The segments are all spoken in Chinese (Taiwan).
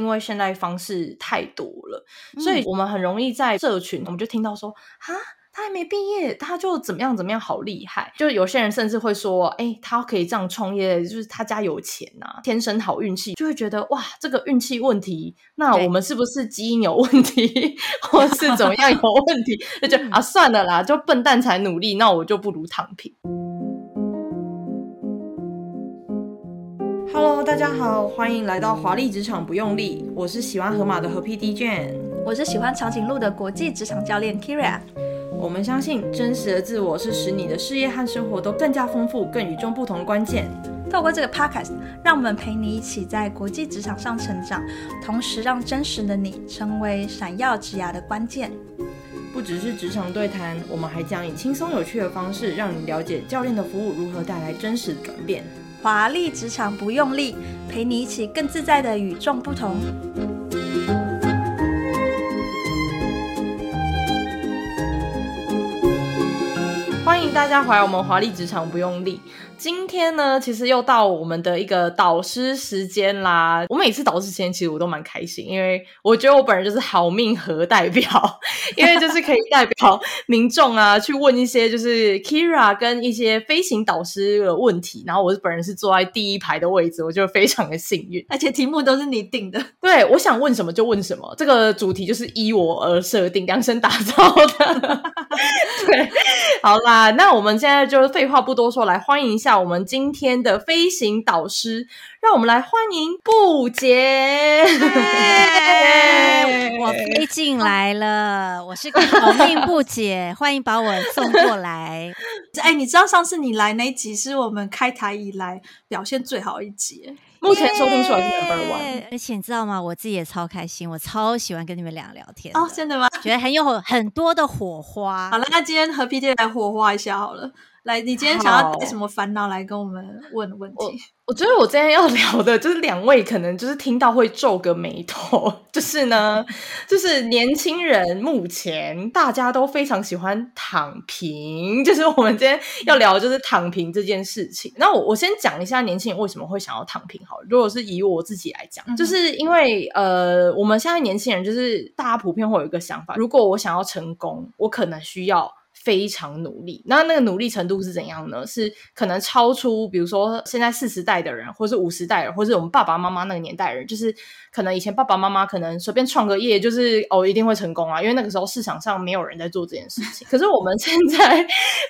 因為現在方式太多了。嗯，所以我們很容易在社群，我們就聽到說，啊，他還沒畢業，他就怎麼樣怎麼樣，好厲害。就有些人甚至會說，哎、欸，他可以這樣創業，就是他家有錢吶、啊，天生好運氣，就會覺得哇，這個運氣問題，那我們是不是基因有問題，或是怎麼樣有問題？那 就啊，算了啦，就笨蛋才努力，那我就不如躺平。Hello，大家好，歡迎來到華麗職場不用力。我是喜歡河馬的河 PD Jane，我是喜歡長頸鹿的國際職場教練 Kyria。我們相信真實的自我是使你的事業和生活都更加豐富、更與眾不同的關鍵。透過這個 Podcast，讓我們陪你一起在國際職場上成長，同時讓真實的你成為閃耀職涯的關鍵。不只是職場對談，我們還將以輕鬆有趣的方式，讓你了解教練的服務如何帶來真實的轉變。華麗職場不用力，陪你一起更自在地與眾不同。大家歡迎我們華麗職場不用力。今天呢，其實又到我們的一個導生時間啦。我每次導生時間，其實我都蠻開心，因為我覺得我本人就是好命和代表，因為就是可以代表民眾啊， 去問一些就是 Kyria 跟一些飛行導師的問題。然後我本人是坐在第一排的位置，我覺得非常的幸運，而且題目都是你定的，對，我想問什麼就問什麼，這個主題就是依我而設定量身打造的， 對。好啦，那我們現在就是廢話不多說，來歡迎一下我們今天的飛行導師，讓我們來歡迎布姐。Hey, hey. Hey. 我飛進來了，oh. 我是個好命布姐， 歡迎把我送過來。哎、hey，你知道上次你來哪集是我們開台以來表現最好一集？目前收聽出來是 number one，而且你知道嗎？我自己也超開心，我超喜歡跟你們倆聊天哦，真的嗎？覺得很有很多的火花。好了，那今天和 P D 來火花一下好了。來，你今天想要帶什麼煩惱來跟我們問問題我？我覺得我今天要聊的就是兩位可能就是聽到會皺個眉頭，就是呢，就是年輕人目前大家都非常喜歡躺平，就是我們今天要聊的就是躺平這件事情。那我我先講一下年輕人為什麼會想要躺平。好了，如果是以我自己來講，嗯、就是因為呃，我們現在年輕人就是大家普遍會有一個想法，如果我想要成功，我可能需要。非常努力，那那個努力程度是怎樣呢？是可能超出，比如說現在四十代的人，或是五十代人，或是我們爸爸媽媽那個年代人，就是可能以前爸爸媽媽可能隨便創個業，就是哦一定會成功啊，因為那個時候市場上沒有人在做這件事情。 可是我們現在，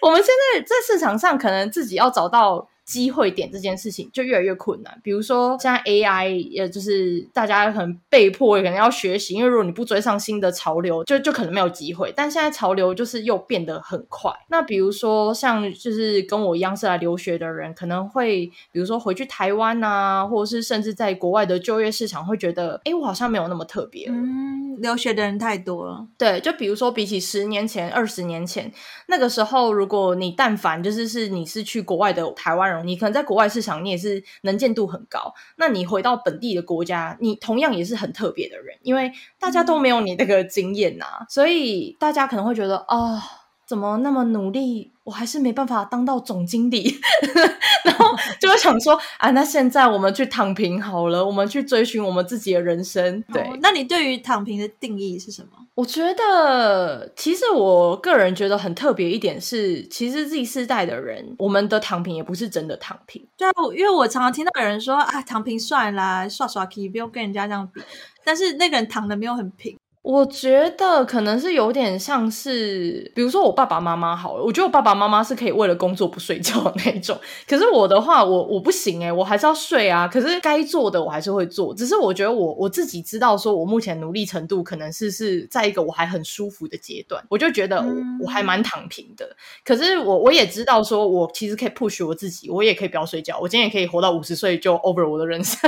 我們現在在市場上可能自己要找到。機會點這件事情就越來越困難。比如說，現在 AI 也就是大家可能被迫也可能要學習，因為如果你不追上新的潮流，就就可能沒有機會。但現在潮流就是又變得很快。那比如說，像就是跟我一樣是來留學的人，可能會比如說回去台灣啊，或者是甚至在國外的就業市場會覺得，哎、欸，我好像沒有那麼特別。嗯，留學的人太多了。對，就比如說比起十年前、二十年前那個時候，如果你但凡就是是你是去國外的台灣人。你可能在國外市場，你也是能見度很高。那你回到本地的國家，你同樣也是很特別的人，因為大家都沒有你那個經驗吶、啊，所以大家可能會覺得哦。怎麼那麼努力，我還是沒辦法當到總經理， 然後就會想說啊，那現在我們去躺平好了，我們去追尋我們自己的人生。對、哦，那你對於躺平的定義是什麼？我覺得，其實我個人覺得很特別一點是，其實 Z 世代的人，我們的躺平也不是真的躺平。對，因為我常常聽到有人說啊，躺平算了，耍耍廢，不要跟人家這樣比。但是那個人躺的沒有很平。我覺得可能是有點像是，比如說我爸爸媽媽好了，我覺得我爸爸媽媽是可以為了工作不睡覺的那一種。可是我的話，我我不行哎、欸，我還是要睡啊。可是該做的我還是會做，只是我覺得我我自己知道，說我目前努力程度可能是是在一個我還很舒服的階段，我就覺得我，我還蠻躺平的。可是我我也知道，說我其實可以 push 我自己，我也可以不要睡覺，我今天也可以活到五十歲就 over 我的人生。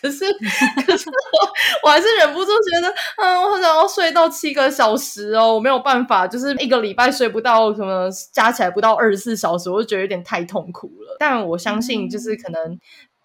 可是可是我 我還是忍不住覺得，嗯，我怎麼。要、哦，睡到七個小時哦，我沒有辦法，就是一個禮拜睡不到什麼，加起來不到二十四小時，我就覺得有點太痛苦了。但我相信，就是可能、嗯，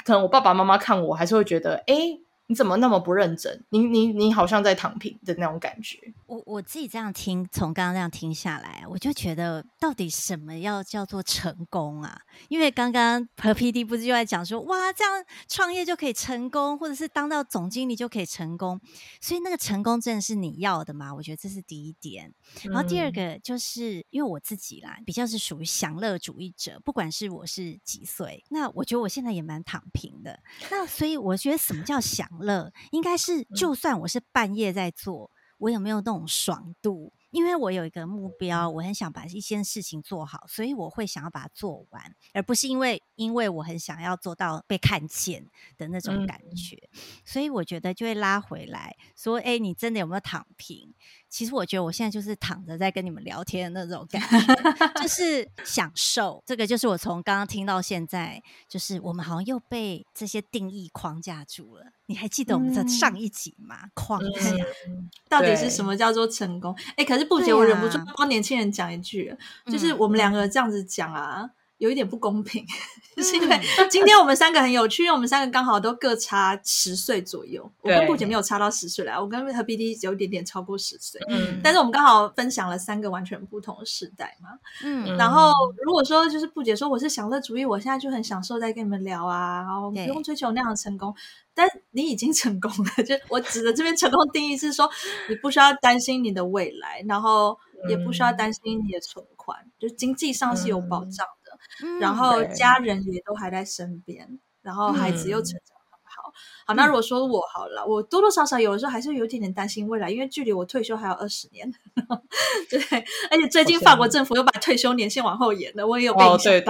可能我爸爸媽媽看我還是會覺得，哎。你怎麼那麼不認真？你你你好像在躺平的那種感覺。我我自己這樣聽，從剛剛那樣聽下來，我就覺得到底什麼要叫做成功啊？因為剛剛河 PD 不是就在講說，哇，這樣創業就可以成功，或者是當到總經理就可以成功。所以那個成功真的是你要的嗎？我覺得這是第一點。然後第二個就是因為我自己啦，比較是屬於享樂主義者，不管是我是幾歲，那我覺得我現在也蠻躺平的。那所以我覺得什麼叫享？了，應該是就算我是半夜在做，我也沒有那種爽度。因為我有一個目標，我很想把一些事情做好，所以我會想要把它做完，而不是因為因為我很想要做到被看見的那種感覺，嗯、所以我覺得就會拉回來說，哎、欸，你真的有沒有躺平？其實我覺得我現在就是躺着在跟你們聊天的那種感覺， 就是享受。這個就是我從剛剛聽到現在，就是我們好像又被這些定義框架住了。你還記得我們的上一集嗎？嗯、框架、嗯、到底是什麼叫做成功？哎，可是。布姐，我忍不住幫、啊、年輕人講一句、嗯，就是我們兩個這樣子講啊。有一點不公平，就、嗯、是 因為今天我們三個很有趣，嗯、因為我們三個剛好都各差十歲左右。我跟布姐沒有差到十歲來，我跟河 PD 有一點點超過十歲。嗯，但是我們剛好分享了三個完全不同的時代嘛。嗯，然後如果說就是布姐說我是享樂主義、嗯，我現在就很享受在跟你們聊啊，然後不用追求那樣的成功，但你已經成功了。就我指的這邊成功定義是說， 你不需要擔心你的未來，然後也不需要擔心你的存款，嗯、就經濟上是有保障。嗯嗯然後家人也都還在身邊，嗯、然後孩子又成長很好。嗯、好，那如果說我好了，我多多少少有的時候還是有點點擔心未來，因為距離我退休還有二十年呵呵。對，而且最近法國政府又把退休年限往後延了，我也有被嚇到。哦對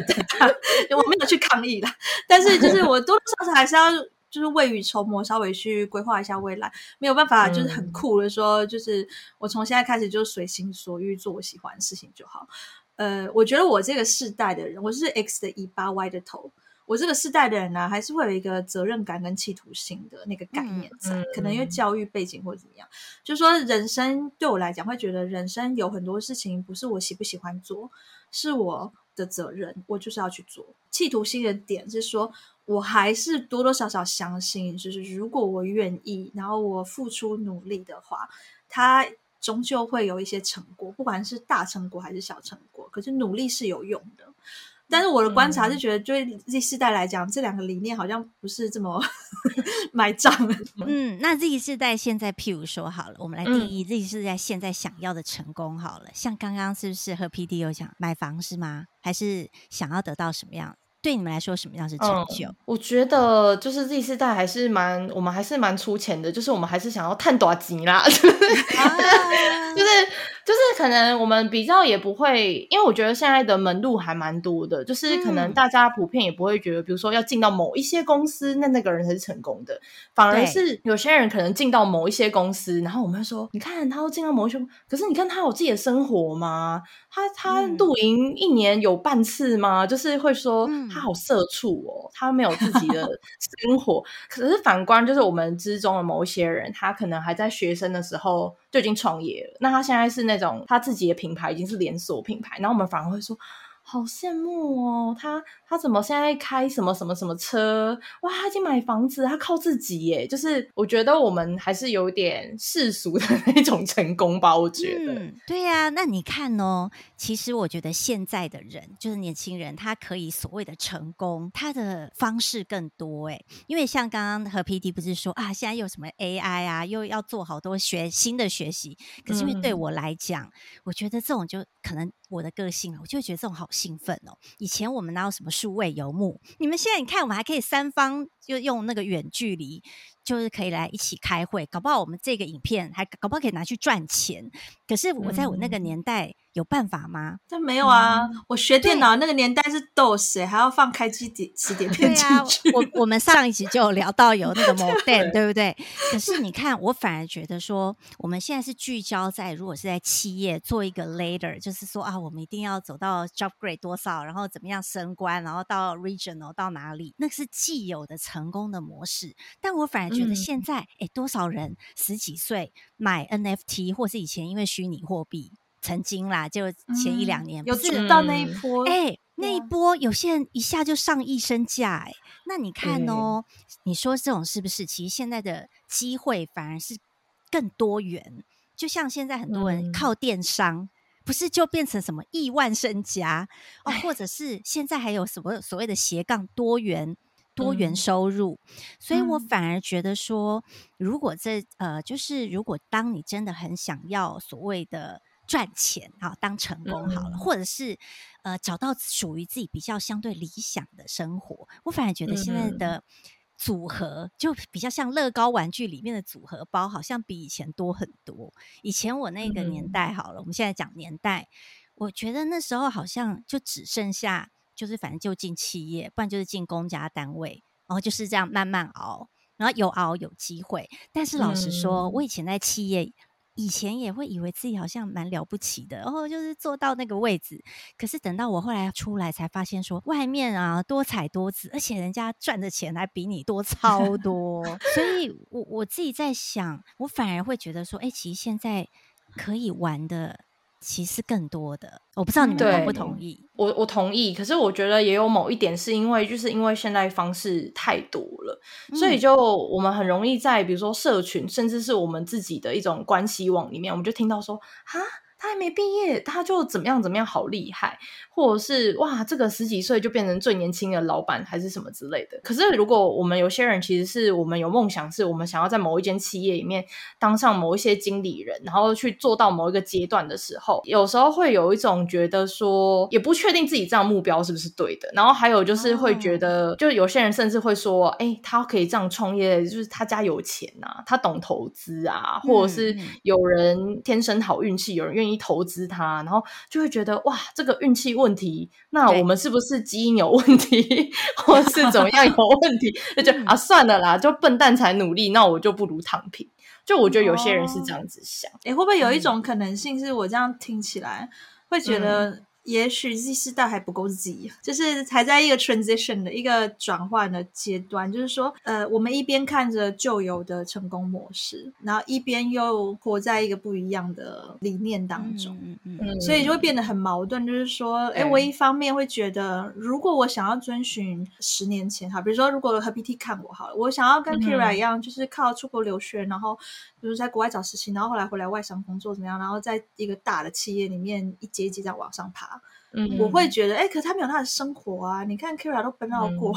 對對啊、我沒有去抗議啦， 但是就是我多多少少還是要就是未雨綢繆，稍微去規劃一下未來。沒有辦法、嗯，就是很酷的說，就是我從現在開始就隨心所欲做我喜歡的事情就好。呃，我覺得我這個世代的人，我是 X 的尾巴，Y 的頭，我這個世代的人呢、啊，還是會有一個責任感跟企圖心的那個概念在、嗯，可能因為教育背景或者怎麼樣，嗯、就是說人生對我來講，會覺得人生有很多事情不是我喜不喜歡做，是我的責任，我就是要去做。企圖心的點是說我還是多多少少相信，就是如果我願意，然後我付出努力的話，他，終究會有一些成果，不管是大成果還是小成果。可是努力是有用的，但是我的觀察是覺得，對 Z 世代來講、嗯，這兩個理念好像不是這麼呵呵買賬。嗯，那 Z 世代現在，譬如說好了，我們來定義、嗯、Z 世代現在想要的成功好了。像剛剛是不是和 PD 有講買房是嗎？還是想要得到什麼樣對你們來說，什麼樣是成就？嗯、我覺得就是 Z 世代還是蠻，我們還是蠻出錢的。就是我們還是想要賺大錢啦，啊、 就是就是可能我們比較也不會，因為我覺得現在的門路還蠻多的。就是可能大家普遍也不會覺得，嗯、比如說要進到某一些公司，那那個人才是成功的。反而是有些人可能進到某一些公司，然後我們會說，你看他都進到某一些，可是你看他有自己的生活嗎？他他露營一年有半次嗎？就是會說。嗯他好社畜哦，他沒有自己的生活。 可是反觀就是我們之中的某一些人，他可能還在學生的時候就已經創業了。那他現在是那種，他自己的品牌已經是連鎖品牌，然後我們反而會說。好羨慕哦，他他怎麼現在開什麼什麼什麼車？哇，他已經買房子，他靠自己耶！就是我覺得我們還是有點世俗的那種成功吧，我覺得。嗯，對呀、啊，那你看哦，其實我覺得現在的人，就是年輕人，他可以所謂的成功，他的方式更多哎。因為像剛剛和 PD 不是說啊，現在又有什麼 AI 啊，又要做好多學新的學習。可是，因為對我來講，嗯、我覺得這種就可能我的個性，我就會覺得這種好。興奮哦！以前我們哪有什麼數位游牧？你們現在你看，我們還可以三方就用那個遠距離。就是可以來一起開會，搞不好我們這個影片還搞不好可以拿去賺錢。可是我在我那個年代、嗯、有辦法嗎？但沒有啊，嗯、啊我學電腦那個年代是 DOS，、欸啊、還要放開機碟、磁碟片進去，我我們上一集就有聊到有那個 Modem 對不對？ 可是你看，我反而覺得說，我們現在是聚焦在如果是在企業做一個 Leader 就是說啊，我們一定要走到 Job Grade 多少，然後怎麼樣升官，然後到 Regional 到哪裡，那是既有的成功的模式。但我反而。嗯、覺得現在哎、欸，多少人十幾歲買 NFT，或是以前因為虛擬貨幣曾經啦，就前一兩年有吃到那一波哎，那一波有些人一下就上億身家哎、欸，那你看哦、喔，你說這種是不是？其實現在的機會反而是更多元，就像現在很多人靠電商，嗯、不是就變成什麼億萬身家哦，或者是現在還有什麼所謂的斜槓多元。多元收入，嗯，所以我反而覺得說，嗯、如果這呃，就是如果當你真的很想要所謂的賺錢哈、啊，當成功好了，嗯、或者是呃找到屬於自己比較相對理想的生活，我反而覺得現在的組合、嗯嗯、就比較像樂高玩具裡面的組合包，好像比以前多很多。以前我那個年代好了，嗯、我們現在講年代，我覺得那時候好像就只剩下。就是反正就進企業，不然就是進公家單位，然後就是這樣慢慢熬，然後有熬有機會。但是老實說，我以前在企業，以前也會以為自己好像蠻了不起的，然後就是做到那個位置。可是等到我後來出來，才發現說外面啊多彩多姿，而且人家賺的錢還比你多超多。 所以我，我我自己在想，我反而會覺得說，哎、欸，其實現在可以玩的。其實更多的，我不知道你們同不同意？我我同意。可是我覺得也有某一點是因為，就是因為現在方式太多了，所以就我們很容易在比如說社群，甚至是我們自己的一種關係網裡面，我們就聽到說啊。哈他還沒畢業，他就怎麼樣怎麼樣好厲害，或者是哇，這個十幾歲就變成最年輕的老板，還是什麼之類的。可是如果我們有些人，其實是我們有夢想，是我們想要在某一間企業裡面當上某一些經理人，然後去做到某一個階段的時候，有時候會有一種覺得說，也不確定自己這樣目標是不是對的。然後還有就是會覺得，哦、就有些人甚至會說，哎、欸，他可以這樣創業，就是他家有錢啊，他懂投資啊，或者是有人天生好運氣，嗯、有人願意投資他，然後就會覺得哇，這個運氣問題，那我們是不是基因有問題，或是怎麼樣有問題？那 就啊，算了啦，就笨蛋才努力，那我就不如躺平。就我覺得有些人是這樣子想，哎、哦欸，會不會有一種可能性，是我這樣聽起來、嗯、會覺得？也許 Z 世代還不夠 Z，就是才在一個 transition 的一個轉換的階段，就是說，呃，我們一邊看着舊有的成功模式，然後一邊又活在一個不一樣的理念當中、嗯嗯嗯，所以就會變得很矛盾。就是說，哎、嗯，我、欸、一方面會覺得，如果我想要遵循十年前，哈，比如說，如果河 PD 看我好了，我想要跟 Kyria 一樣、嗯，就是靠出國留學，然後比如在國外找實習，然後後來回來外商工作怎麼樣，然後在一個大的企業裡面一階一階這樣往上爬。嗯，我會覺得，哎、欸，可是他沒有他的生活啊！你看，Kira 都奔到過，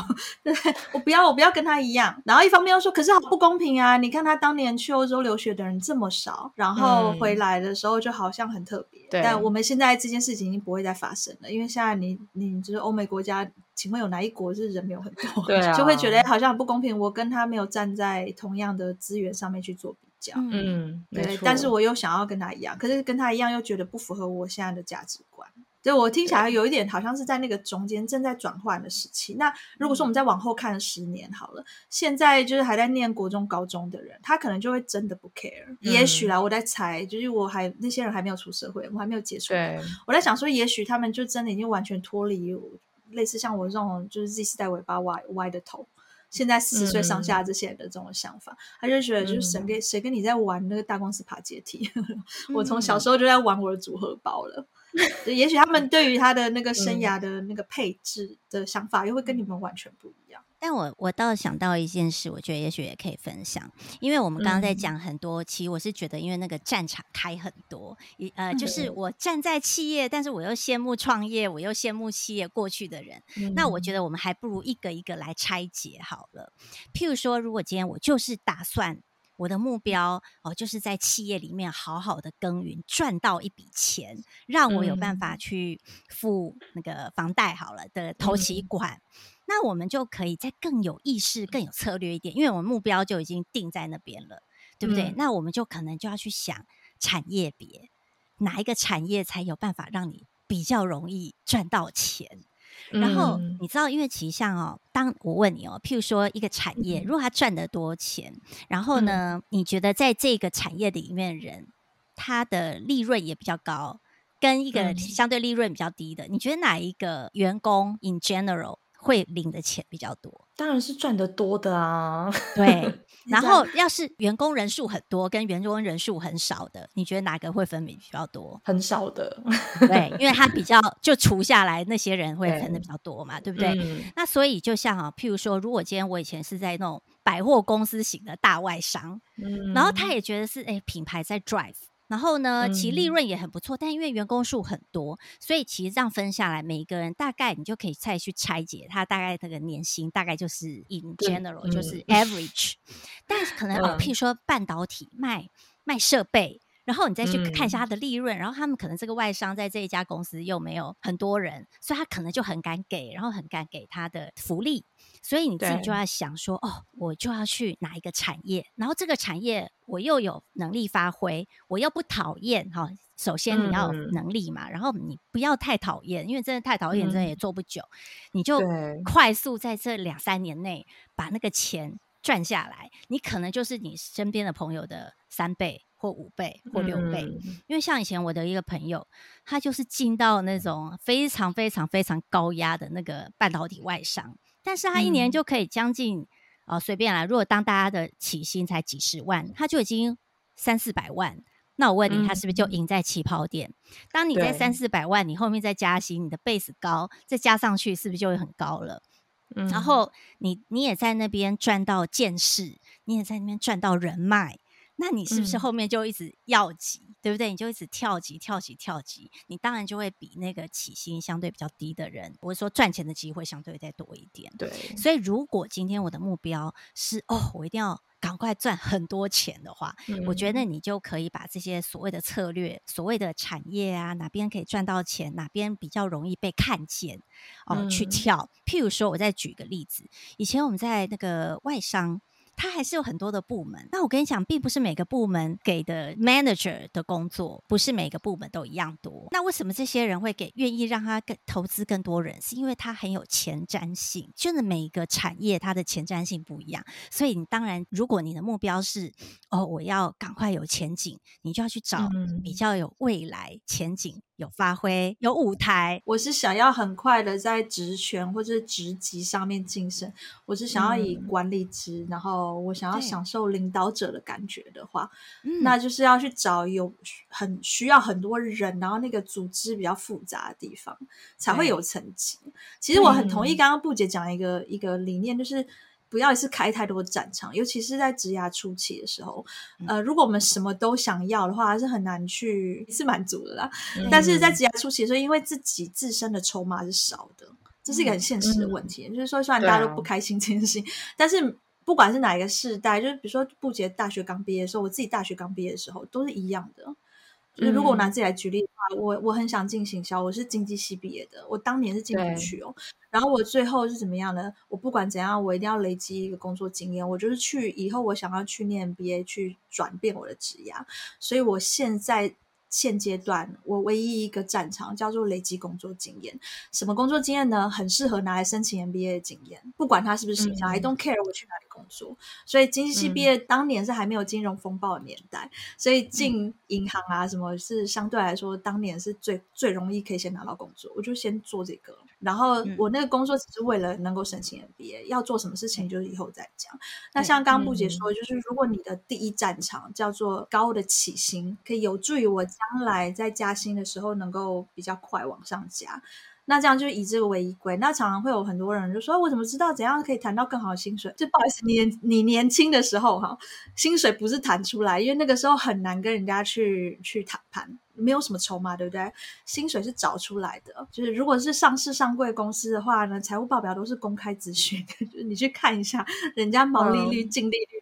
我不要，我不要跟他一樣。然後一方面又說，可是好不公平啊！你看他當年去歐洲留學的人這麼少，然後回來的時候就好像很特別。對、嗯，但我們現在這件事情已經不會再發生了，因為現在你你就是歐美國家，請問有哪一國是人沒有很多？對、啊、就會覺得好像很不公平。我跟他沒有站在同樣的資源上面去做比較。嗯，對。但是我又想要跟他一樣，可是跟他一樣又覺得不符合我現在的價值觀。對我聽起來有一點，好像是在那個中間正在轉換的時期。那如果說我們再往後看十年好了，嗯，現在就是還在念國中、高中的人，他可能就會真的不 care、嗯。也許啦，我在猜，就是我還那些人還沒有出社會，我還沒有接觸對。我在想說，也許他們就真的已經完全脫離類似像我這種，就是 Z 世代尾巴歪歪的頭。現在四十歲上下這些人的這種想法，嗯，他就覺得就是誰跟，嗯，誰跟你在玩那個大公司爬階梯？嗯、 我從小時候就在玩我的組合包了。 也許他們對於他的那個生涯的那個配置的想法，又會跟你們完全不一樣。嗯嗯嗯嗯、但我我倒想到一件事，我覺得也許也可以分享，因為我們剛剛在講很多、嗯，其實我是覺得，因為那個戰場開很多，一呃、嗯，就是我站在企業，但是我又羨慕創業，我又羨慕企業過去的人、嗯。那我覺得我們還不如一個一個來拆解好了。譬如說，如果今天我就是打算。我的目標哦，就是在企業裡面好好的耕耘，賺到一筆錢，讓我有辦法去付那個房貸好了的頭期款。嗯。那我們就可以再更有意識、更有策略一點，因為我們目標就已經定在那邊了，對不對？嗯。那我們就可能就要去想產業別，哪一個產業才有辦法讓你比較容易賺到錢。然後、嗯、你知道，因為其實像哦，當我問你哦，譬如說一個產業，如果他賺得多錢，然後呢，嗯、你覺得在這個產業裡面的人，他的利潤也比較高，跟一個相對利潤比較低的，嗯、你覺得哪一個員工 in general？會領的錢比較多，當然是賺得多的啊。對，然後要是員工人數很多，跟員工人數很少的，你覺得哪個會分比比較多？很少的， 對，因為他比較就除下來那些人會分得比較多嘛，對，對不對、嗯？那所以就像啊、喔，譬如說，如果今天我以前是在那種百貨公司型的大外商，嗯、然後他也覺得是哎、欸，品牌在 drive。然後呢，其利潤也很不錯、嗯，但因為員工數很多，所以其實這樣分下來，每一個人大概你就可以再去拆解，他大概這個年薪大概就是 in general 就是 average，、嗯、 但是可能、哦、譬如說半導體賣、嗯、賣設備。然後你再去看一下它的利潤、嗯，然後他們可能這個外商在這一家公司又沒有很多人，所以他可能就很敢給，然後很敢給他的福利，所以你自己就要想說，哦，我就要去哪一個產業，然後這個產業我又有能力發揮，我又不討厭，哈、哦。首先你要能力嘛、嗯，然後你不要太討厭，因為真的太討厭，真的也做不久、嗯。你就快速在這兩三年內把那個錢賺下來，你可能就是你身邊的朋友的三倍。或五倍或六倍、嗯嗯，因為像以前我的一個朋友，他就是進到那種非常非常非常高壓的那個半導體外商，但是他一年就可以將近啊隨、嗯呃、便來。如果當大家的起薪才幾十萬，他就已經三四百萬。那我問你，他是不是就贏在起跑點、嗯？當你在三四百萬，你後面再加薪，你的 base 高，再加上去，是不是就會很高了？嗯、然後你你也在那邊賺到見識，你也在那邊賺到,到人脈。那你是不是後面就一直要急？嗯、對不對？你就一直跳級、跳級、跳級，你當然就會比那個起薪相對比較低的人，或者說賺錢的機會相對再多一點。對，所以如果今天我的目標是哦，我一定要趕快賺很多錢的話、嗯，我覺得你就可以把這些所謂的策略、所謂的產業啊，哪邊可以賺到錢，哪邊比較容易被看見哦、嗯，去跳。譬如說，我再舉一個例子，以前我們在那個外商。他還是有很多的部門，那我跟你講，並不是每個部門給的 manager 的工作，不是每個部門都一樣多。那為什麼這些人會給願意讓他更投資更多人？是因為他很有前瞻性。就是每一個產業它的前瞻性不一樣，所以你當然，如果你的目標是哦，我要趕快有前景，你就要去找比較有未來前景。嗯有發揮，有舞台。我是想要很快的在職權或者職級上面晉升。我是想要以管理職、嗯，然後我想要享受領導者的感覺的話，那就是要去找有很需要很多人，然後那個組織比較複雜的地方，才會有層級。其實我很同意剛剛布姐講一個一個理念，就是。不要一次開太多戰場，尤其是在職涯初期的時候。呃，如果我們什麼都想要的話，是很難去是滿足的啦。嗯嗯，但是在職涯初期的時候，因為自己自身的籌碼是少的，這是一個很現實的問題。嗯、就是說，雖然大家都不開心這件事情，但是不管是哪一個世代，就是比如說布姐大學剛畢業的時候，我自己大學剛畢業的時候，都是一樣的。就是如果我拿自己來舉例的話，嗯、我我很想進行銷，我是經濟系畢業的，我當年是進不去哦。然後我最後是怎麼樣呢？我不管怎樣，我一定要累積一個工作經驗，我就是去，以後我想要去念 BA 去轉變我的職業，所以我現在。現階段我唯一一個戰場叫做累積工作經驗，什麼工作經驗呢？很適合拿來申請 MBA 的經驗，不管他是不是名校、嗯、，I don't care，我去哪裡工作。所以經濟系畢業當年是還沒有金融風暴的年代，嗯、所以進銀行啊，什麼是相對來說當年是最最容易可以先拿到工作，我就先做這個。然後我那個工作只是為了能夠申請 MBA 要做什麼事情就是以後再講、嗯。那像剛布姐說，就是如果你的第一戰場叫做高的起薪，可以有助於我。將來在加薪的時候能夠比較快往上加，那這樣就以這個為依歸。那常常會有很多人就說：“我怎麼知道怎樣可以談到更好的薪水？”就不好意思，你年你年輕的時候哈，薪水不是談出來，因為那個時候很難跟人家去去談判，沒有什麼籌碼，對不對？薪水是找出來的，就是如果是上市上櫃公司的話呢，財務報表都是公開資訊的，就是你去看一下，人家毛利率、嗯、淨利率。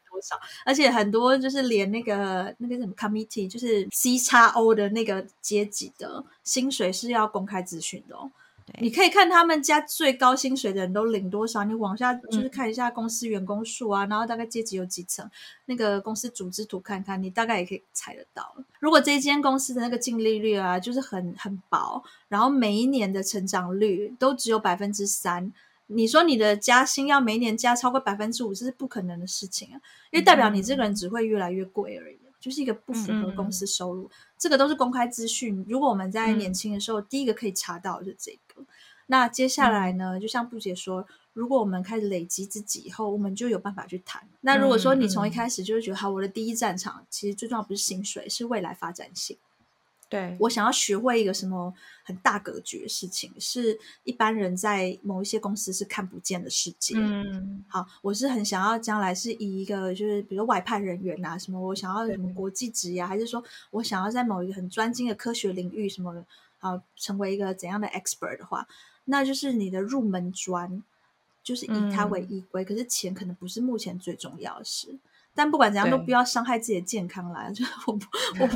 而且很多就是連那個那個什麼 committee，就是 C X O 的那個階級的薪水是要公開諮詢的、哦。對。你可以看他們家最高薪水的人都領多少，你往下就是看一下公司員工數啊、嗯，然後大概階級有幾層，那個公司組織圖看看，你大概也可以猜得到。如果這間公司的那個淨利率啊，就是很很薄，然後每一年的成長率都只有百分之三。你說你的加薪要每年加超過百分之五，這是不可能的事情啊，因為代表你這個人只會越來越貴而已，就是一個不符合公司收入，嗯、這個都是公開資訊。如果我們在年輕的時候，嗯、第一個可以查到的是這個。那接下來呢、嗯，就像布姐說，如果我們開始累積自己以後，我們就有辦法去談。那如果說你從一開始就會覺得，好，我的第一戰場其實最重要不是薪水，是未來發展性。對，我想要學會一個什麼很大格局的事情，是一般人在某一些公司是看不見的世界。嗯，好，我是很想要將來是以一個就是比如說外派人員啊什麼，我想要有什麼國際職呀，啊，還是說我想要在某一個很專精的科學領域什麼的，好，成為一個怎樣的 expert 的話，那就是你的入門磚，就是以它為依歸。嗯。可是錢可能不是目前最重要的事。但不管怎樣，都不要傷害自己的健康來，就我、我、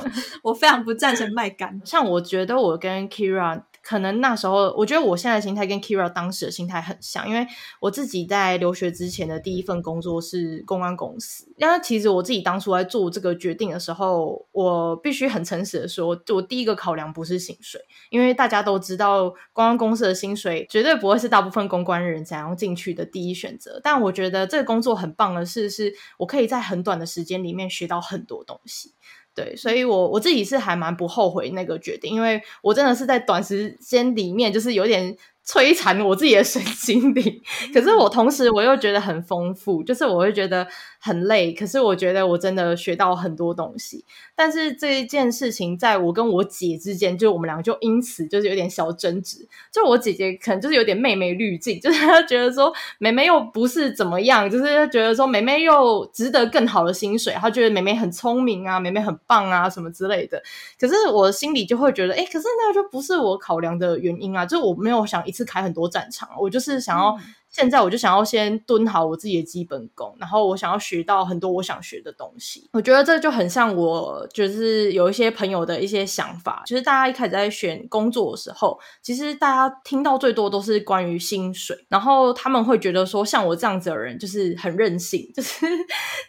我非常不贊成賣肝。 像我覺得，我跟 Kyria。可能那時候，我覺得我現在的心態跟 Kira 當時的心態很像，因為我自己在留學之前的第一份工作是公關公司。然後其實我自己當初在做這個決定的時候，我必須很誠實的說，我第一個考量不是薪水，因為大家都知道公關公司的薪水絕對不會是大部分公關人才能進去的第一選擇。但我覺得這個工作很棒的是，是我可以在很短的時間裡面學到很多東西。對，所以我，我我自己是還蠻不後悔那個決定，因為我真的是在短時間裡面，就是有點。摧殘我自己的神經病。可是我同時我又覺得很豐富，就是我會覺得很累，可是我覺得我真的學到很多東西。但是這一件事情，在我跟我姐之間，就我們兩個就因此就是有點小爭執。就我姐姐可能就是有點妹妹濾鏡，就是她覺得說妹妹又不是怎麼樣，就是覺得說妹妹又值得更好的薪水，她覺得妹妹很聰明啊，妹妹很棒啊，什麼之類的。可是我心裡就會覺得，哎、欸，可是那就不是我考量的原因啊，就是我沒有想。每次開很多戰場，我就是想要。嗯現在我就想要先蹲好我自己的基本功，然後我想要學到很多我想學的東西。我覺得這就很像我，就是有一些朋友的一些想法，就是大家一開始在選工作的時候，其實大家聽到最多都是關於薪水，然後他們會覺得說，像我這樣子的人就是很任性，就是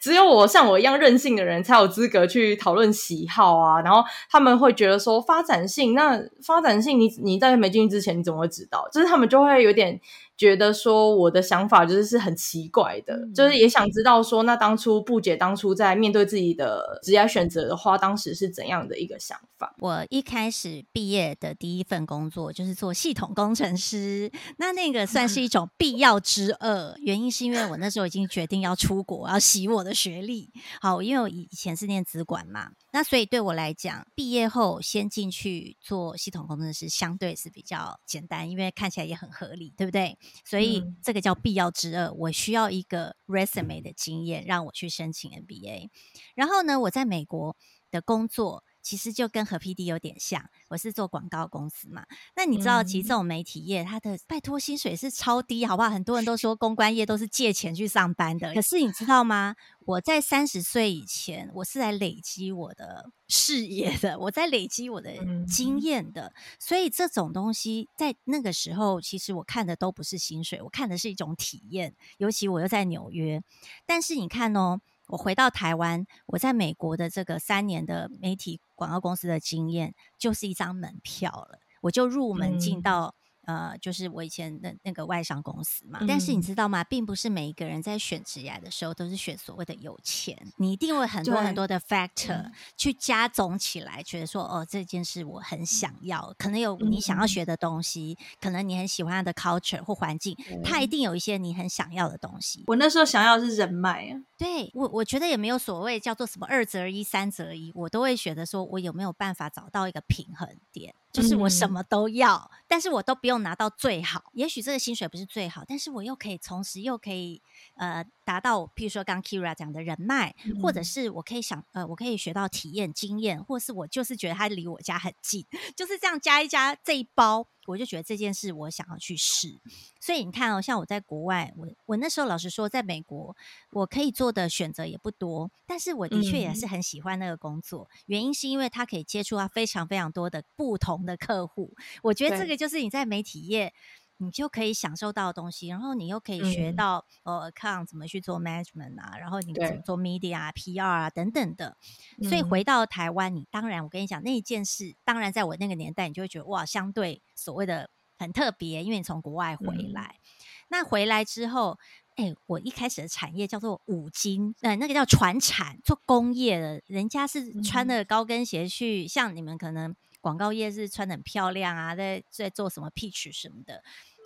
只有我像我一樣任性的人才有資格去討論喜好啊，然後他們會覺得說發展性，那發展性你你在沒進去之前你怎麼會知道？就是他們就會有點。覺得說我的想法就是是很奇怪的。就是也想知道說，那當初布姐，當初在面對自己的職業選擇的話，當時是怎樣的一個想法？我一開始畢業的第一份工作就是做系統工程師，那那個算是一種必要之惡，嗯，原因是因為我那時候已經決定要出國， 要洗我的學歷。好，因為我以前是念資管嘛，那所以對我來講，畢業後先進去做系統工程師相對是比較簡單，因為看起來也很合理，對不對？所以這個叫必要之二，我需要一個 resume 的經驗讓我去申請 MBA。然後呢，我在美國的工作。其實就跟河 PD 有點像，我是做廣告公司嘛。那你知道，其實這種媒體業，它的、嗯、拜托薪水是超低，好不好？很多人都說公關業都是借錢去上班的。 可是你知道嗎？我在三十歲以前，我是來累積我的事業的，我在累積我的經驗的。嗯、所以這種東西，在那個時候，其實我看的都不是薪水，我看的是一種體驗。尤其我又在紐約，但是你看哦。我回到台灣，我在美國的這個三年的媒體廣告公司的經驗，就是一張門票了，我就入門進到、嗯。呃，就是我以前的那個外商公司嘛、嗯，但是你知道嗎？並不是每一個人在選職業的時候都是選所謂的有錢，你一定會很多很多的 factor、嗯、去加總起來，覺得說哦，這件事我很想要、嗯，可能有你想要學的東西，嗯、可能你很喜歡的 culture 或環境、嗯，它一定有一些你很想要的東西。我那時候想要的是人脈啊，對我我覺得也沒有所謂叫做什麼二擇一、三擇一，我都會覺得說我有沒有辦法找到一個平衡點。就是我什麼都要、嗯，但是我都不用拿到最好。也許這個薪水不是最好，但是我又可以同時又可以，呃，達到，譬如說剛 Kyria 講的人脈、嗯，或者是我可以想，呃，我可以學到體驗經驗，或是我就是覺得它離我家很近，就是這樣加一加這一包。我就覺得這件事我想要去試，所以你看哦，像我在國外，我我那時候老實說，在美國我可以做的選擇也不多，但是我的確也是很喜歡那個工作，嗯、原因是因為它可以接觸到非常非常多的不同的客戶，我覺得這個就是你在媒體業。你就可以享受到的東西，然後你又可以學到、嗯、呃，看怎麼去做 management 啊，然後你怎麼做 media、PR 啊等等的、嗯。所以回到台灣，你當然我跟你講那一件事，當然在我那個年代，你就會覺得哇，相對所謂的很特別，因為你從國外回來。嗯、那回來之後，哎，我一開始的產業叫做五金，呃，那個叫船產，做工業的，人家是穿的高跟鞋去、嗯，像你們可能。廣告業是穿的很漂亮啊，在在做什麼 pitch 什麼的，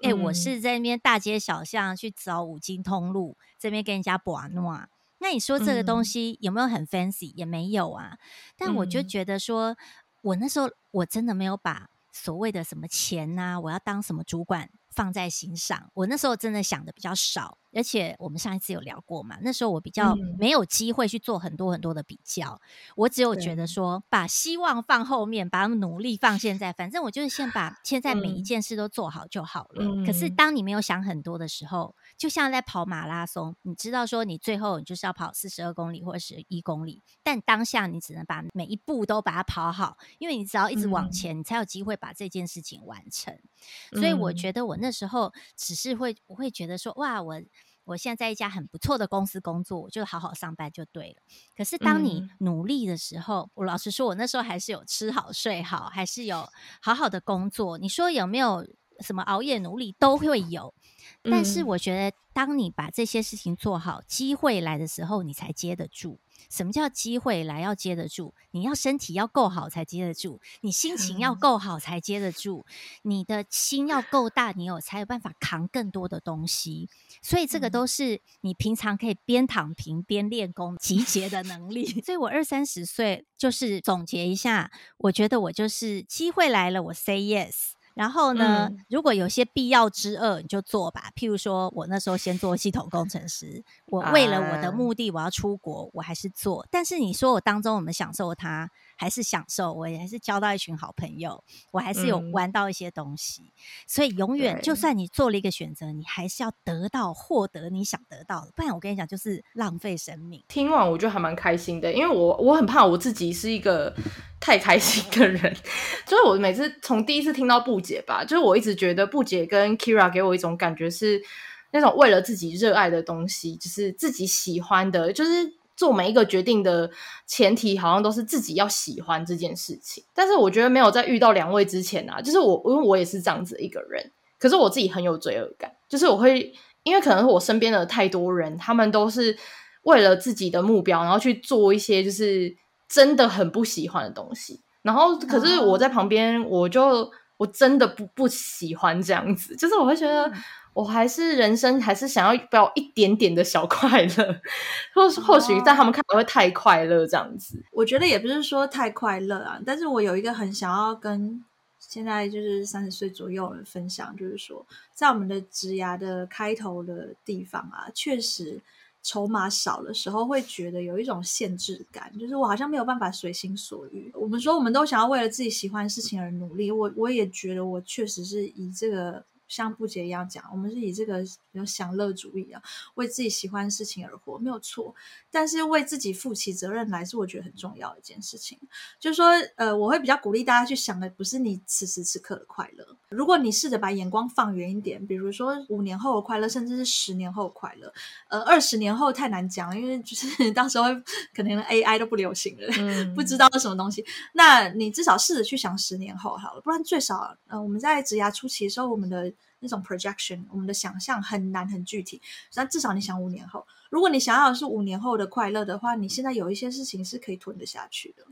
哎、欸，我是在那邊大街小巷去找五金通路這邊跟人家擺弄啊。那你說這個東西有沒有很 fancy？嗯、也沒有啊。但我就覺得說，我那時候我真的沒有把所謂的什麼錢吶、啊，我要當什麼主管放在心上。我那時候真的想的比較少。而且我們上一次有聊過嘛，那時候我比較沒有機會去做很多很多的比較，嗯、我只有覺得說，把希望放後面，把努力放現在。反正我就是先把現在每一件事都做好就好了，嗯。可是當你沒有想很多的時候，就像在跑馬拉松，你知道說你最後你就是要跑四十二公里或者是一公里，但當下你只能把每一步都把它跑好，因為你只要一直往前，嗯、你才有機會把這件事情完成，嗯。所以我覺得我那時候只是會，我會覺得說，哇，我。我現在在一家很不錯的公司工作，我就好好上班就對了。可是當你努力的時候，嗯、我老實說，我那時候還是有吃好睡好，還是有好好的工作。你說有沒有？什麼熬夜努力都會有，但是我覺得，當你把這些事情做好，機會來的時候，你才接得住。什麼叫機會來要接得住？你要身體要夠好才接得住，你心情要夠好才接得住，你的心要夠大，你有才有辦法扛更多的東西。所以這個都是你平常可以邊躺平邊練功集結的能力。所以，我二三十歲，就是總結一下，我覺得我就是機會來了，我 say yes。然後呢，嗯，如果有些必要之惡，你就做吧。譬如說，我那時候先做系統工程師，我為了我的目的，我要出國，嗯，我還是做。但是你說，我當中我們享受它。還是享受，我也還是交到一群好朋友，我還是有玩到一些東西，嗯、所以永遠，就算你做了一個選擇，你還是要得到、獲得你想得到的，不然我跟你講就是浪費生命。聽完我覺得還蠻開心的，因為我我很怕我自己是一個太開心的人， 就是我每次從第一次聽到布姐吧，就是我一直覺得布姐跟 Kyria 給我一種感覺是那種為了自己熱愛的東西，就是自己喜歡的，就是。做每一個決定的前提，好像都是自己要喜歡這件事情。但是我覺得沒有在遇到兩位之前啊，就是我，因為我也是這樣子一個人。可是我自己很有罪惡感，就是我會因為可能我身邊的太多人，他們都是為了自己的目標，然後去做一些就是真的很不喜歡的東西。然後可是我在旁邊，我就、嗯、我真的不不喜歡這樣子，就是我會覺得。我還是人生還是想要要一點點的小快樂，或是或許在、哦，他們看來會太快樂這樣子。我覺得也不是說太快樂啊，但是我有一個很想要跟現在就是三十歲左右人分享，就是說在我們的職涯的開頭的地方啊，確實籌碼少的時候會覺得有一種限制感，就是我好像沒有辦法隨心所欲。我們說我們都想要為了自己喜歡的事情而努力，我我也覺得我確實是以這個。像布姐一樣講，我們是以這個有享樂主義啊，為自己喜歡的事情而活，沒有錯。但是為自己負起責任來，是我覺得很重要的一件事情。就是說，呃，我會比較鼓勵大家去想的，不是你此時此刻的快樂。如果你試着把眼光放遠一點，比如說五年後的快樂，甚至是十年後的快樂。呃，二十年後太難講，因為就是到時候可能 AI 都不流行了，嗯，不知道什麼東西。那你至少試着去想十年後好了，不然最少，啊，呃，我們在職涯初期的時候，我們的。那種 projection，我們的想象很難很具體。但至少你想五年後，如果你想要的是五年後的快樂的話，你現在有一些事情是可以吞得下去的。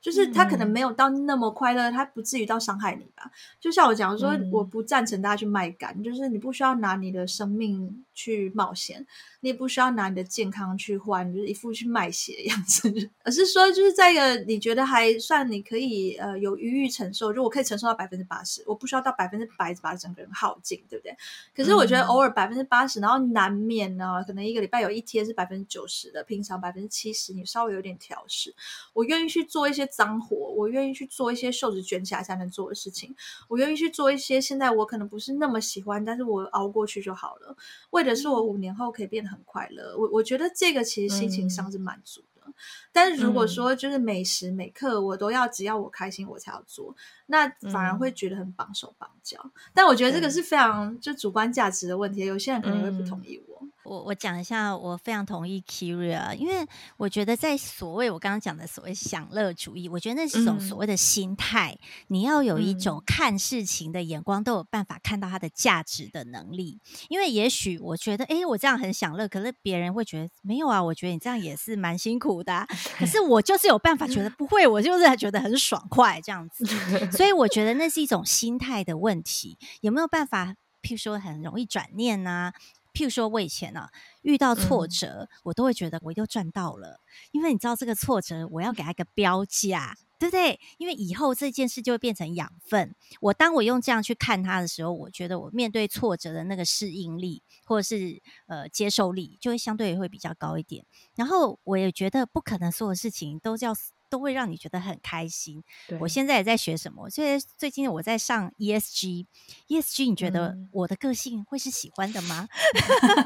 就是他可能沒有到那麼快樂，嗯，他不至於到傷害你吧。就像我講說，嗯，我不贊成大家去賣肝，就是你不需要拿你的生命去冒險，你也不需要拿你的健康去換，就是一副去賣血的樣子。就是，而是說，就是在一個你覺得還算你可以呃有餘裕承受，就我可以承受到百分之八十，我不需要到百分之百把整個人耗盡，對不對？可是我覺得偶爾百分之八十，然後難免呢，可能一個禮拜有一天是百分之九十的，平常百分之七十你稍微有點調試，我願意去做一些。髒活，我願意去做一些袖子捲起來才能做的事情。我願意去做一些現在我可能不是那麼喜歡，但是我熬過去就好了。為的是我五年後可以變得很快樂。我我覺得這個其實心情上是滿足的。嗯。但是如果說就是每時每刻我都要，只要我開心我才要做。那反而會覺得很綁手綁腳、嗯，但我覺得這個是非常就主觀價值的問題，嗯、有些人可能會不同意我。我我講一下，我非常同意 Kyria，因為我覺得在所謂我剛剛講的所謂享樂主義，我覺得那是一種所謂的心態、嗯，你要有一種看事情的眼光，嗯、都有辦法看到它的價值的能力。因為也許我覺得，哎、欸，我這樣很享樂，可是別人會覺得沒有啊，我覺得你這樣也是蠻辛苦的、啊。可是我就是有辦法覺得不會，嗯、我就是覺得很爽快這樣子。 所以我覺得那是一種心態的問題，有沒有辦法？譬如說很容易轉念呢、啊？譬如說我以前呢、啊、遇到挫折，我都會覺得我又賺到了，因為你知道這個挫折我要給他一個標價，對不對？因為以後這件事就會變成養分。我當我用這樣去看它的時候，我覺得我面對挫折的那個適應力或者是呃接受力就會相對會比較高一點。然後我也覺得不可能所有事情都叫。都會讓你覺得很開心。我現在也在學什麼？現在最近我在上 ESG。ESG，你覺得我的個性會是喜歡的嗎？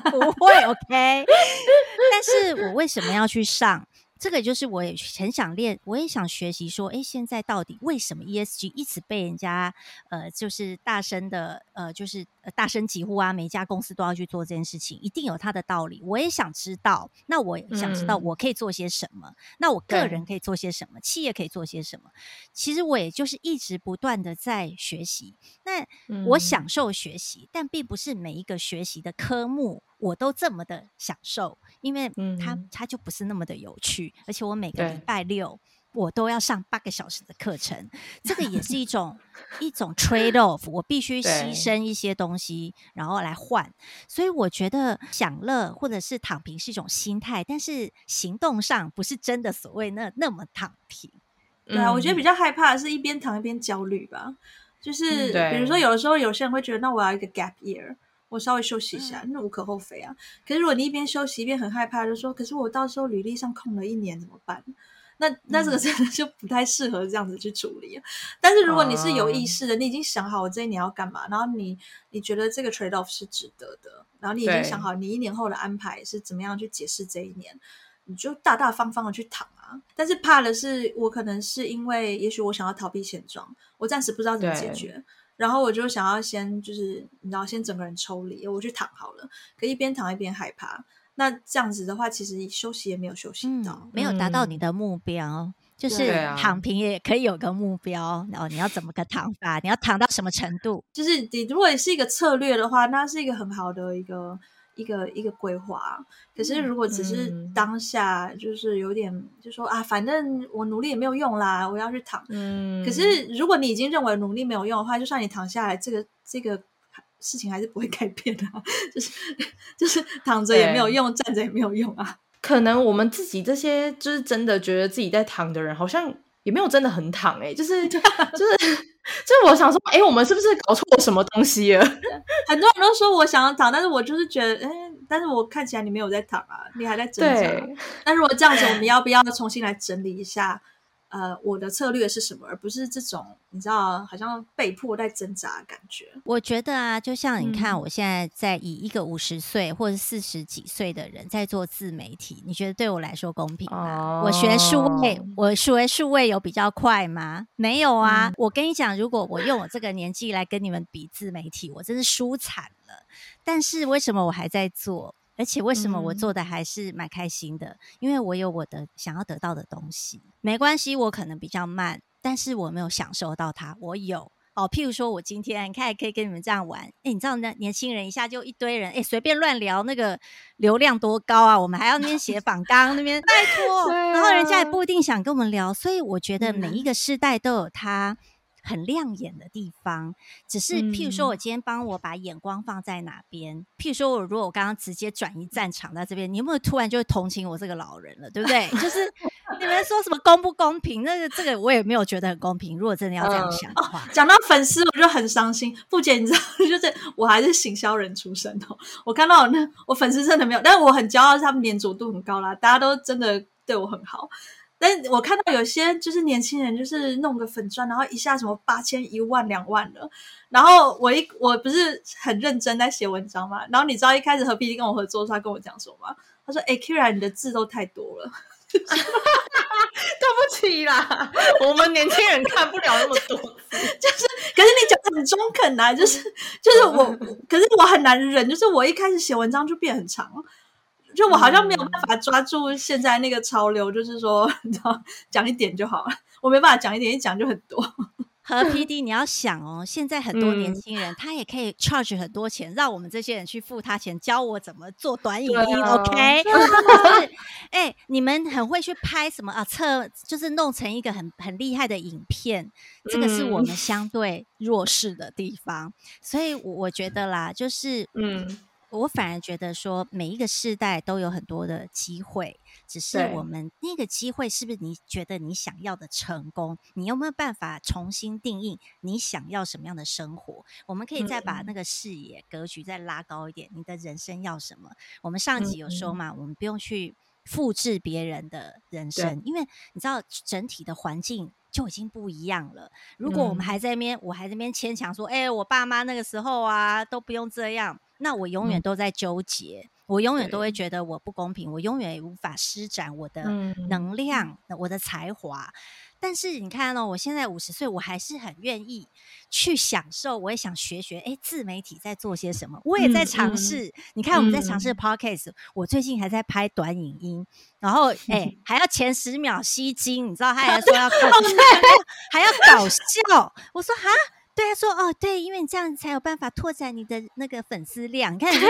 嗯、 不會 ，OK。 但是我為什麼要去上？這個就是我也很想練，我也想學習。說，哎，現在到底為什麼 ESG 一直被人家呃，就是大聲的呃，就是、呃、大聲疾呼啊？每一家公司都要去做這件事情，一定有它的道理。我也想知道，那我想知道，我可以做些什麼、嗯？那我個人可以做些什麼、嗯？企業可以做些什麼？其實我也就是一直不斷的在學習。那我享受學習，嗯、但並不是每一個學習的科目，我都這麼的享受，因為它、嗯、它就不是那麼的有趣，而且我每個禮拜六我都要上八個小時的課程，這個也是一種 一種 trade off，我必須犧牲一些東西，然後來換。所以我覺得享樂或者是躺平是一種心態，但是行動上不是真的所謂那那麼躺平。對啊、嗯，我覺得比較害怕的是一邊躺一邊焦慮吧，就是、嗯、比如說有的時候有些人會覺得，那我要一個 gap year。我稍微休息一下，那無可厚非啊。可是如果你一邊休息一邊很害怕，就說“可是我到時候履歷上空了一年怎麼辦？”那那這個真的就不太適合這樣子去處理啊。嗯。但是如果你是有意識的，你已經想好我這一年要幹嘛，然後你你覺得這個 trade off 是值得的，然後你已經想好你一年後的安排是怎麼樣去解釋這一年，你就大大方方的去躺啊。但是怕的是，我可能是因為，也許我想要逃避現狀，我暫時不知道怎麼解決。然後我就想要先就是，你知道，先整個人抽離，我去躺好了。可一邊躺一邊害怕，那這樣子的話，其實休息也沒有休息到，嗯、沒有達到你的目標、嗯。就是躺平也可以有個目標，啊、然後你要怎麼個躺法？你要躺到什麼程度？就是你如果是一個策略的話，那是一個很好的一個。一個一個規劃，可是如果只是當下，就是有點，嗯，就說啊，反正我努力也沒有用啦，我要去躺。嗯，可是如果你已經認為努力沒有用的話，就算你躺下來，這個這個事情還是不會改變的，啊，就是就是躺着也沒有用，站着也沒有用啊。可能我們自己這些就是真的覺得自己在躺的人，好像。也沒有真的很躺哎、欸，就是就是就是， 就我想說哎、欸，我們是不是搞錯什麼東西了？很多人都說我想要躺，但是我就是覺得，哎、欸，但是我看起來你沒有在躺啊，你還在整理。那如果這樣子，我們要不要再重新來整理一下？呃，我的策略是什麼，而不是這種你知道，好像被迫在掙扎的感覺。我覺得啊，就像你看，嗯、我現在在以一個五十歲或者四十幾歲的人在做自媒體，你覺得對我來說公平嗎？哦、我學數位，我學數位數位有比較快嗎？沒有啊。嗯、我跟你講，如果我用我這個年紀來跟你們比自媒體，我真是輸慘了。但是為什麼我還在做？而且為什麼我做的還是蠻開心的，嗯？因為我有我的想要得到的東西。沒關係，我可能比較慢，但是我沒有享受到它？我有哦，譬如說我今天，你看可以跟你們這樣玩。誒、欸、你知道那年輕人一下就一堆人，誒、欸、隨便亂聊，那個流量多高啊！我們還要那邊寫訪綱，那 邊拜託，然後人家也不一定想跟我們聊。所以我覺得每一個時代都有它。嗯啊很亮眼的地方，只是譬如說，我今天幫我把眼光放在哪邊、嗯？譬如說，我如果我剛剛直接轉移戰場在這邊，你有沒有突然就會同情我這個老人了？對不對？ 就是你們說什麼公不公平？那這個我也沒有覺得很公平。如果真的要這樣想的話，講、呃哦、到粉絲我就很傷心。布姐，你知道，就是我還是行銷人出身哦。我看到我那我粉絲真的沒有，但是我很驕傲，是他們粘着度很高啦，大家都真的對我很好。我看到有些就是年輕人，就是弄個粉專，然後一下什麼八千、一萬、兩萬的。然後我一我不是很認真在寫文章嘛。然後你知道一開始河 PD 跟我合作，他跟我講什麼嗎？他說：“哎，Kyria，你的字都太多了， 對不起啦，我們年輕人看不了那麼多。 就是”就是，可是你講很中肯啊，就是就是我， 可是我很難忍，就是我一開始寫文章就變很長。就我好像沒有辦法抓住現在那個潮流，嗯、就是說你知道，講一點就好了，我沒辦法講一點，一講就很多。河 PD，你要想哦，現在很多年輕人、嗯、他也可以 charge 很多錢，讓我們這些人去付他錢，教我怎麼做短影音、啊，OK？哎、 就是欸，你們很會去拍什麼啊？測就是弄成一個很很厲害的影片、嗯，這個是我們相對弱勢的地方，所以我覺得啦，就是嗯。我反而覺得說，每一個世代都有很多的機會，只是我們那個機會是不是你覺得你想要的成功？你有沒有辦法重新定義你想要什麼樣的生活？我們可以再把那個視野格局再拉高一點。你的人生要什麼？我們上集有說嘛，我們不用去複製別人的人生，因為你知道整體的環境就已經不一樣了。如果我們還在那邊，我還在那邊牽強說，哎，我爸媽那個時候啊都不用這樣。那我永遠都在糾結、嗯，我永遠都會覺得我不公平，我永遠也無法施展我的能量、嗯、我的才華。但是你看哦，我現在五十歲，我還是很願意去享受。我也想學學，哎、欸，自媒體在做些什麼，我也在嘗試、嗯。你看，我們在嘗試 Podcast，、嗯、我最近還在拍短影音，然後哎、欸嗯，還要前十秒吸睛，你知道，他還說要 還要搞笑， 我說哈。對他說哦，對，因為你這樣才有辦法拓展你的那個粉絲量。你看，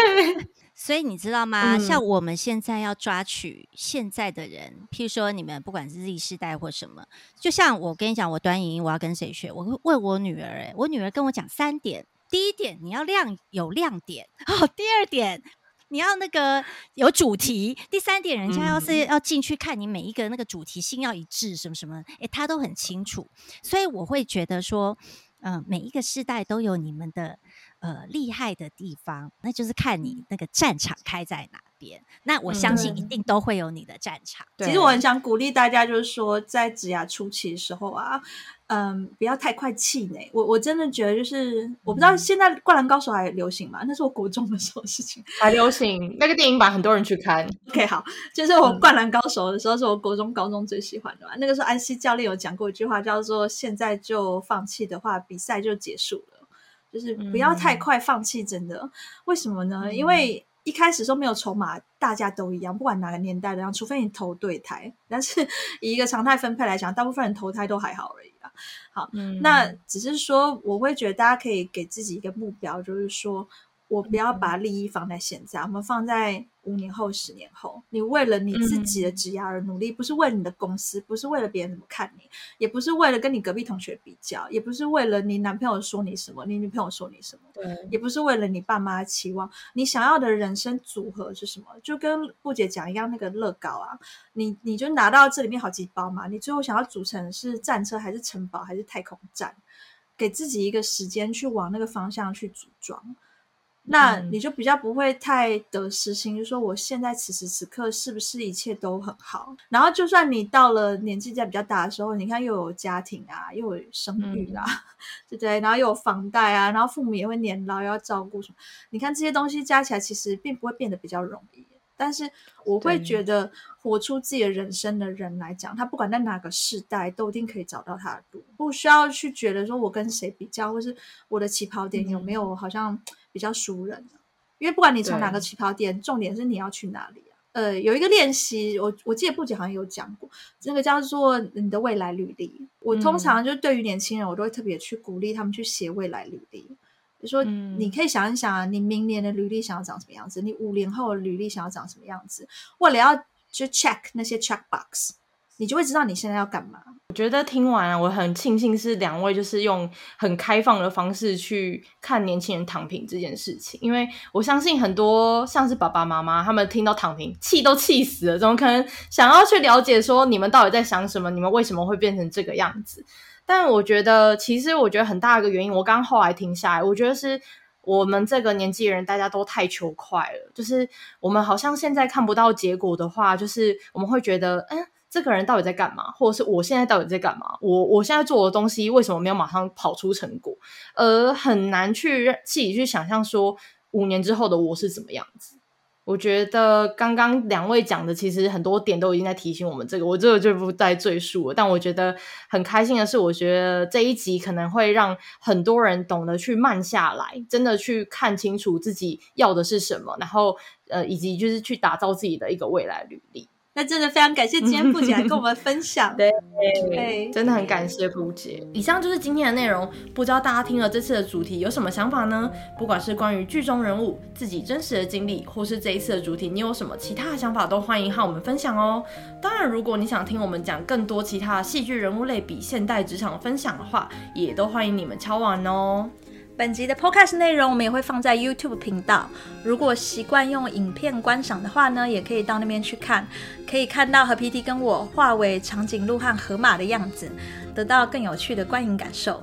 所以你知道嗎、嗯？像我們現在要抓取現在的人，譬如說你們不管是 Z 世代或什麼，就像我跟你講，我短影音我要跟誰學？我問我女兒、欸，我女兒跟我講三點：第一點，你要亮有亮點哦；第二點，你要那個有主題；第三點，人家要是要進去看，你每一個那個主題性要一致，什麼什麼，哎，他都很清楚。所以我會覺得說。嗯，每一個世代都有你們的。呃，厲害的地方，那就是看你那個戰場開在哪邊。那我相信一定都會有你的戰場。嗯、對，其實我很想鼓勵大家，就是說在職涯初期的時候啊，嗯，不要太快氣餒。我我真的覺得，就是我不知道現在《灌籃高手》還流行嗎？那是我國中的時候的事情還流行，那個電影版很多人去看。 OK，好，就是我《灌籃高手》的時候，是我國中、高中最喜歡的嘛。嘛、嗯。那個時候安西教練有講過一句話，叫做“現在就放棄的話，比賽就結束了”。就是不要太快放棄，真的，嗯。為什麼呢？因為一開始都沒有籌碼，大家都一樣，不管哪個年代的樣，除非你投對胎。但是以一個常態分配來講，大部分人投胎都還好而已啊。好，嗯、那只是說，我會覺得大家可以給自己一個目標，就是說。我不要把利益放在現在，我們放在五年後、十年後。你為了你自己的職涯而努力，嗯、不是為了你的公司，不是為了別人怎麼看你，也不是為了跟你隔壁同學比較，也不是為了你男朋友說你什麼，你女朋友說你什麼，對，也不是為了你爸媽的期望。你想要的人生組合是什麼？就跟布姐講一樣，那個樂高啊，你你就拿到這裡面好幾包嘛，你最後想要組成是戰車，還是城堡，還是太空站，給自己一個時間去往那個方向去組裝。那你就比較不會太得失心，嗯、就是，說我現在此時此刻是不是一切都很好？然後就算你到了年紀在比較大的時候，你看又有家庭啊，又有生育啦，啊，嗯、 對不對？然後又有房貸啊，然後父母也會年老要照顧什麼？你看這些東西加起來，其實並不會變得比較容易。但是我會覺得，活出自己的人生的人來講，他不管在哪個世代，都一定可以找到他的路，不需要去覺得說我跟誰比較，或是我的起跑點有沒有好像比較熟人、啊嗯。因為不管你從哪個起跑點，重點是你要去哪裡啊。呃，有一個練習，我我記得布姐好像有講過，那個叫做你的未來履歷。我通常就是對於年輕人，我都會特別去鼓勵他們去寫未來履歷。嗯嗯說，你可以想一想啊，你明年的履歷想要長什麼樣子？嗯、你五年後的履歷想要長什麼樣子？或者要去 check 那些 checkbox，你就會知道你現在要幹嘛。我覺得聽完、啊，我很慶幸是兩位就是用很開放的方式去看年輕人躺平這件事情，因為我相信很多像是爸爸媽媽他們聽到躺平，氣都氣死了，怎麼可能想要去了解說你們到底在想什麼？你們為什麼會變成這個樣子？但我覺得，其實我覺得很大一個原因，我剛後來停下來，我覺得是我們這個年紀的人，大家都太求快了。就是我們好像現在看不到結果的話，就是我們會覺得，嗯，這個人到底在幹嘛？或者是我現在到底在幹嘛？我我現在做的東西為什麼沒有馬上跑出成果？而、呃、很難去自己去想象說五年之後的我是怎麼樣子。我覺得剛剛兩位講的，其實很多點都已經在提醒我們這個，我這個就不再贅述了。但我覺得很開心的是，我覺得這一集可能會讓很多人懂得去慢下來，真的去看清楚自己要的是什麼，然後呃，以及就是去打造自己的一個未來履歷。那真的非常感謝今天布姐來跟我們分享， 對，真的很感謝布姐、欸。以上就是今天的內容，不知道大家聽了這次的主題有什麼想法呢？不管是關於劇中人物、自己真實的經歷，或是這一次的主題，你有什麼其他的想法都歡迎和我們分享哦。當然，如果你想聽我們講更多其他的戲劇人物類比現代職場分享的話，也都歡迎你們敲碗哦。本集的 Podcast 內容我們也會放在 YouTube 頻道，如果習慣用影片觀賞的話呢，也可以到那邊去看，可以看到河 PD 跟我化為長頸鹿和河馬的樣子，得到更有趣的觀影感受。